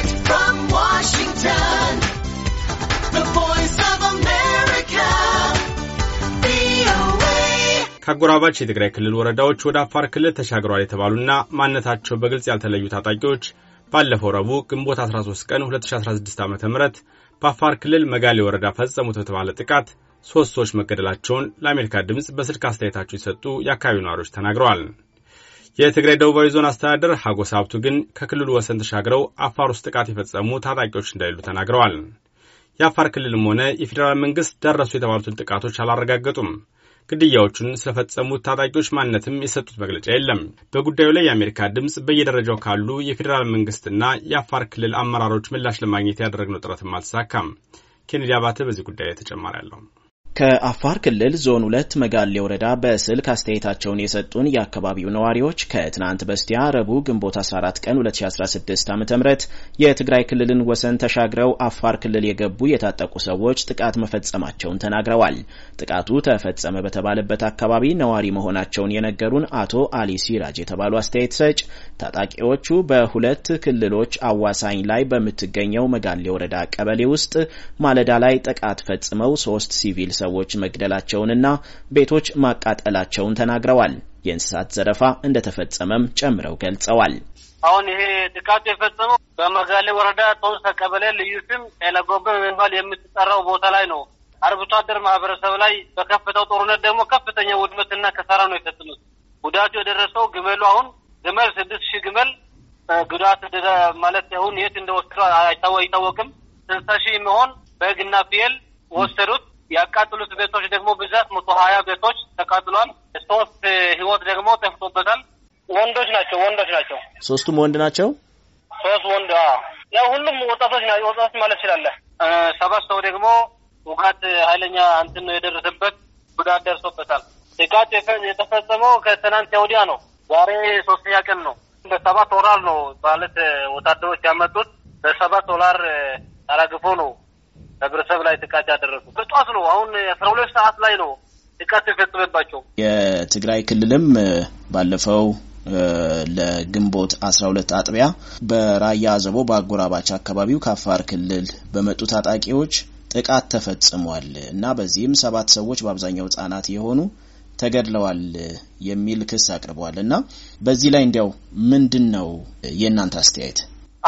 Direct from Washington, the voice of America, VOA. ከአጎራባች የትግራይ ክልል ወረዳዎች ወደ አፋር ክልል ተሻግረዋል የተባሉና ማንነታቸው በግልጽ ያልተለዩ ታጣቂዎች ባለፈው ረቡዕ ግንቦት 13 ቀን 2016 ዓ ም በአፋር ክልል መጋሌ ወረዳ ፈጸሙት በተባለ ጥቃት ሦስት ሰዎች መገደላቸውን ለአሜሪካ ድምፅ በስልክ አስተያየታቸው የሰጡ የአካባቢው ነዋሪዎች ተናግረዋል። የትግራይ ደቡባዊ ዞን አስተዳደር ሀጎስ ሀብቱ ግን ከክልሉ ወሰን ተሻግረው አፋር ውስጥ ጥቃት የፈጸሙ ታጣቂዎች እንደሌሉ ተናግረዋል። የአፋር ክልልም ሆነ የፌዴራል መንግስት ደረሱ የተባሉትን ጥቃቶች አላረጋገጡም። ግድያዎቹን ስለፈጸሙት ታጣቂዎች ማንነትም የሰጡት መግለጫ የለም። በጉዳዩ ላይ የአሜሪካ ድምፅ በየደረጃው ካሉ የፌዴራል መንግስትና የአፋር ክልል አመራሮች ምላሽ ለማግኘት ያደረግነው ጥረትም አልተሳካም። ኬኔዲ አባተ በዚህ ጉዳይ ላይ ተጨማሪ አለው። ከአፋር ክልል ዞን ሁለት መጋሌ ወረዳ በስልክ አስተያየታቸውን የሰጡን የአካባቢው ነዋሪዎች ከትናንት በስቲያ ረቡዕ ግንቦት 14 ቀን 2016 ዓ የትግራይ ክልልን ወሰን ተሻግረው አፋር ክልል የገቡ የታጠቁ ሰዎች ጥቃት መፈጸማቸውን ተናግረዋል። ጥቃቱ ተፈጸመ በተባለበት አካባቢ ነዋሪ መሆናቸውን የነገሩን አቶ አሊ ሲራጅ የተባሉ አስተያየት ሰጭ ታጣቂዎቹ በሁለት ክልሎች አዋሳኝ ላይ በምትገኘው መጋሌ ወረዳ ቀበሌ ውስጥ ማለዳ ላይ ጥቃት ፈጽመው ሶስት ሲቪል ሰ ሰዎች መግደላቸውንና ቤቶች ማቃጠላቸውን ተናግረዋል። የእንስሳት ዘረፋ እንደተፈጸመም ጨምረው ገልጸዋል። አሁን ይሄ ጥቃቱ የፈጸመው በመጋሌ ወረዳ ጦንሳ ቀበሌ ልዩ ስም ኤለጎበ በመባል የምትጠራው ቦታ ላይ ነው። አርብቶ አደር ማህበረሰብ ላይ በከፍተው ጦርነት ደግሞ ከፍተኛ ውድመትና ከሰራ ነው የፈጸሙት። ጉዳቱ የደረሰው ግመሉ አሁን ግመል ስድስት ሺህ ግመል ጉዳት ማለት አሁን የት እንደወሰዱ አይታወቅም። ስልሳ ሺህ መሆን በግና ፍየል ወሰዱት። ያቃጥሉት ቤቶች ደግሞ ብዛት መቶ ሀያ ቤቶች ተቃጥሏል። ሶስት ህይወት ደግሞ ጠፍቶበታል። ወንዶች ናቸው ወንዶች ናቸው። ሶስቱም ወንድ ናቸው። ሶስት ወንድ ያው ሁሉም ወጣቶች ወጣቶች ማለት ችላለ ሰባት ሰው ደግሞ ውጋት ኃይለኛ እንትን የደረሰበት ጉዳት ደርሶበታል። ጥቃት የተፈጸመው ከትናንት ወዲያ ነው። ዛሬ ሶስተኛ ቀን ነው። በሰባት ወራር ነው ማለት ወታደሮች ያመጡት በሰባት ወራር አራግፎ ነው ህብረተሰብ ላይ ጥቃት ያደረሱ በጠዋት ነው። አሁን አስራ ሁለት ሰዓት ላይ ነው ጥቃት የፈጸመባቸው። የትግራይ ክልልም ባለፈው ለግንቦት 12 አጥቢያ በራያ አዘቦ በአጎራባች አካባቢው ከአፋር ክልል በመጡ ታጣቂዎች ጥቃት ተፈጽሟል እና በዚህም ሰባት ሰዎች በአብዛኛው ህጻናት የሆኑ ተገድለዋል የሚል ክስ አቅርበዋል እና በዚህ ላይ እንዲያው ምንድን ነው የእናንተ አስተያየት?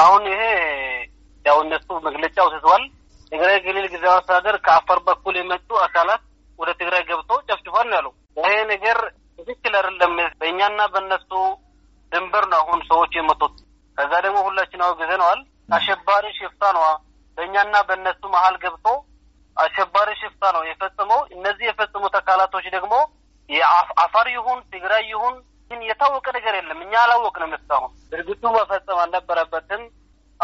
አሁን ይሄ ያው እነሱ መግለጫ ወስዷል። ትግራይ ክልል ጊዜያዊ አስተዳደር ከአፋር በኩል የመጡ አካላት ወደ ትግራይ ገብቶ ጨፍጭፏል ነው ያለው። ይሄ ነገር ትክክል አይደለም። በእኛና በእነሱ ድንበር ነው አሁን ሰዎች የመጡት። ከዛ ደግሞ ሁላችን አውግዘ ነዋል። አሸባሪ ሽፍታ ነዋ። በእኛና በእነሱ መሀል ገብቶ አሸባሪ ሽፍታ ነው የፈጽመው። እነዚህ የፈጽሙት አካላቶች ደግሞ የአፋር ይሁን ትግራይ ይሁን ግን የታወቀ ነገር የለም። እኛ አላወቅንም እስካሁን። ድርጊቱ መፈጸም አልነበረበትም፣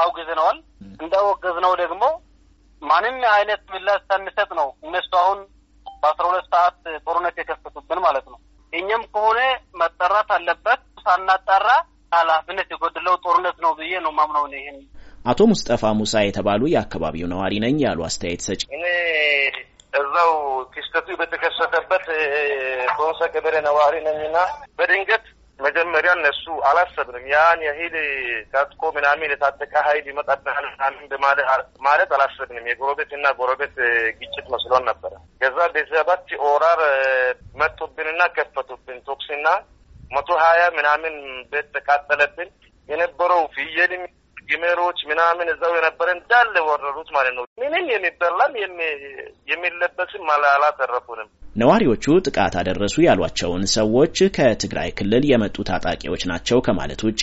አውግዘነዋል። እንዳወገዝነው ደግሞ ማንም አይነት ምላሽ ሳንሰጥ ነው እነሱ አሁን በአስራ ሁለት ሰዓት ጦርነት የከፈቱብን ማለት ነው። እኛም ከሆነ መጠራት አለበት። ሳናጠራ ኃላፊነት የጎደለው ጦርነት ነው ብዬ ነው ማምነው ነው ይህን አቶ ሙስጠፋ ሙሳ የተባሉ የአካባቢው ነዋሪ ነኝ ያሉ አስተያየት ሰጪ እኔ እዛው ክስተቱ በተከሰተበት ቦንሳ ገበሬ ነዋሪ ነኝና በድንገት መጀመሪያ እነሱ አላሰብንም። ያን ያህል ታጥቆ ምናምን የታጠቀ ሀይል ይመጣብናል ምናምን ማለት አላሰብንም። የጎረቤት እና ጎረቤት ግጭት መስሎን ነበረ። ከዛ ቤዛባት ኦራር መጡብንና ከፈቱብን ቶክስና መቶ ሀያ ምናምን ቤት ተቃጠለብን። የነበረው ፍየልም ግመሮች ምናምን እዛው የነበረ እንዳለ ወረሩት ማለት ነው። ምንም የሚበላም የሚለበስም አላተረፉንም። ነዋሪዎቹ ጥቃት አደረሱ ያሏቸውን ሰዎች ከትግራይ ክልል የመጡ ታጣቂዎች ናቸው ከማለት ውጪ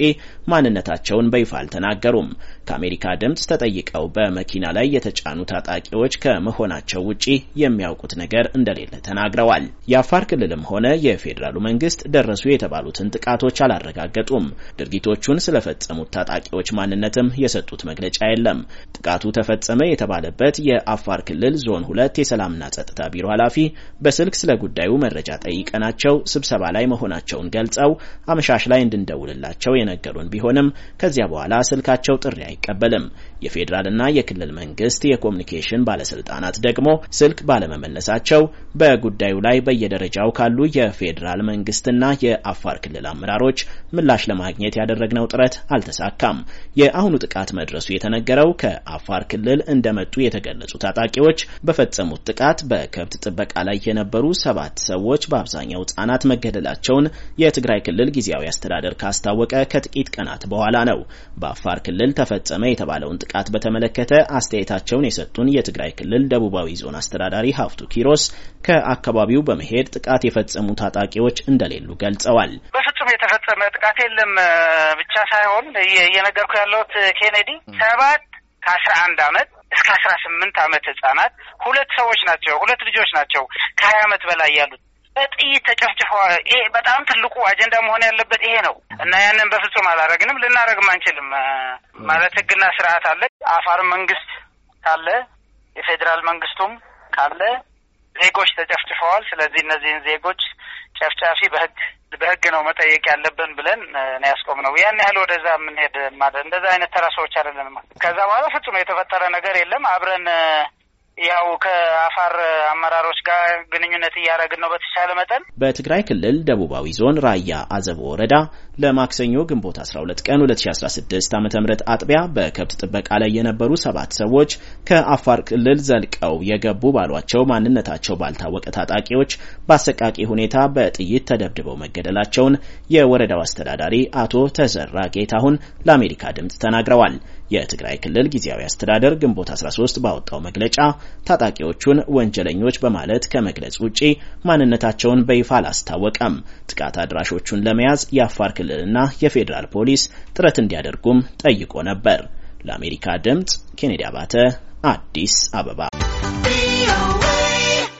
ማንነታቸውን በይፋ አልተናገሩም። ከአሜሪካ ድምፅ ተጠይቀው በመኪና ላይ የተጫኑ ታጣቂዎች ከመሆናቸው ውጪ የሚያውቁት ነገር እንደሌለ ተናግረዋል። የአፋር ክልልም ሆነ የፌዴራሉ መንግስት ደረሱ የተባሉትን ጥቃቶች አላረጋገጡም። ድርጊቶቹን ስለፈጸሙት ታጣቂዎች ማንነትም የሰጡት መግለጫ የለም። ጥቃቱ ተፈጸመ የተባለበት የአፋር ክልል ዞን ሁለት የሰላምና ጸጥታ ቢሮ ኃላፊ በስ በስልክ ስለ ጉዳዩ መረጃ ጠይቀናቸው ስብሰባ ላይ መሆናቸውን ገልጸው አመሻሽ ላይ እንድንደውልላቸው የነገሩን ቢሆንም ከዚያ በኋላ ስልካቸው ጥሪ አይቀበልም። የፌዴራልና የክልል መንግስት የኮሚኒኬሽን ባለስልጣናት ደግሞ ስልክ ባለመመለሳቸው በጉዳዩ ላይ በየደረጃው ካሉ የፌዴራል መንግስትና የአፋር ክልል አመራሮች ምላሽ ለማግኘት ያደረግነው ጥረት አልተሳካም። የአሁኑ ጥቃት መድረሱ የተነገረው ከአፋር ክልል እንደመጡ የተገለጹ ታጣቂዎች በፈጸሙት ጥቃት በከብት ጥበቃ ላይ የነበ የነበሩ ሰባት ሰዎች በአብዛኛው ህጻናት መገደላቸውን የትግራይ ክልል ጊዜያዊ አስተዳደር ካስታወቀ ከጥቂት ቀናት በኋላ ነው። በአፋር ክልል ተፈጸመ የተባለውን ጥቃት በተመለከተ አስተያየታቸውን የሰጡን የትግራይ ክልል ደቡባዊ ዞን አስተዳዳሪ ሀፍቱ ኪሮስ ከአካባቢው በመሄድ ጥቃት የፈጸሙ ታጣቂዎች እንደሌሉ ገልጸዋል። በፍጹም የተፈጸመ ጥቃት የለም ብቻ ሳይሆን እየነገርኩ ያለሁት ኬኔዲ ሰባት ከአስራ አንድ አመት እስከ አስራ ስምንት አመት ህጻናት ሁለት ሰዎች ናቸው፣ ሁለት ልጆች ናቸው ከሀያ አመት በላይ ያሉት በጥይት ተጨፍጭፈዋል። ይሄ በጣም ትልቁ አጀንዳ መሆን ያለበት ይሄ ነው እና ያንን በፍጹም አላረግንም፣ ልናረግም አንችልም። ማለት ህግና ስርዓት አለ። አፋር መንግስት ካለ የፌዴራል መንግስቱም ካለ ዜጎች ተጨፍጭፈዋል። ስለዚህ እነዚህን ዜጎች ጨፍጫፊ በህግ በህግ ነው መጠየቅ ያለብን ብለን ነው ያስቆምነው። ያን ያህል ወደዛ የምንሄድ ማለት እንደዛ አይነት ተራ ሰዎች አይደለንም። ከዛ በኋላ ፍጹም የተፈጠረ ነገር የለም። አብረን ያው ከአፋር አመራሮች ጋር ግንኙነት እያደረግን ነው በተቻለ መጠን። በትግራይ ክልል ደቡባዊ ዞን ራያ አዘቦ ወረዳ ለማክሰኞ ግንቦት 12 ቀን 2016 ዓ ም አጥቢያ በከብት ጥበቃ ላይ የነበሩ ሰባት ሰዎች ከአፋር ክልል ዘልቀው የገቡ ባሏቸው ማንነታቸው ባልታወቀ ታጣቂዎች በአሰቃቂ ሁኔታ በጥይት ተደብድበው መገደላቸውን የወረዳው አስተዳዳሪ አቶ ተዘራ ጌታሁን ለአሜሪካ ድምፅ ተናግረዋል። የትግራይ ክልል ጊዜያዊ አስተዳደር ግንቦት 13 ባወጣው መግለጫ ታጣቂዎቹን ወንጀለኞች በማለት ከመግለጽ ውጪ ማንነታቸውን በይፋ አላስታወቀም። ጥቃት አድራሾቹን ለመያዝ የአፋር ክልልና የፌዴራል ፖሊስ ጥረት እንዲያደርጉም ጠይቆ ነበር። ለአሜሪካ ድምጽ ኬኔዲ አባተ አዲስ አበባ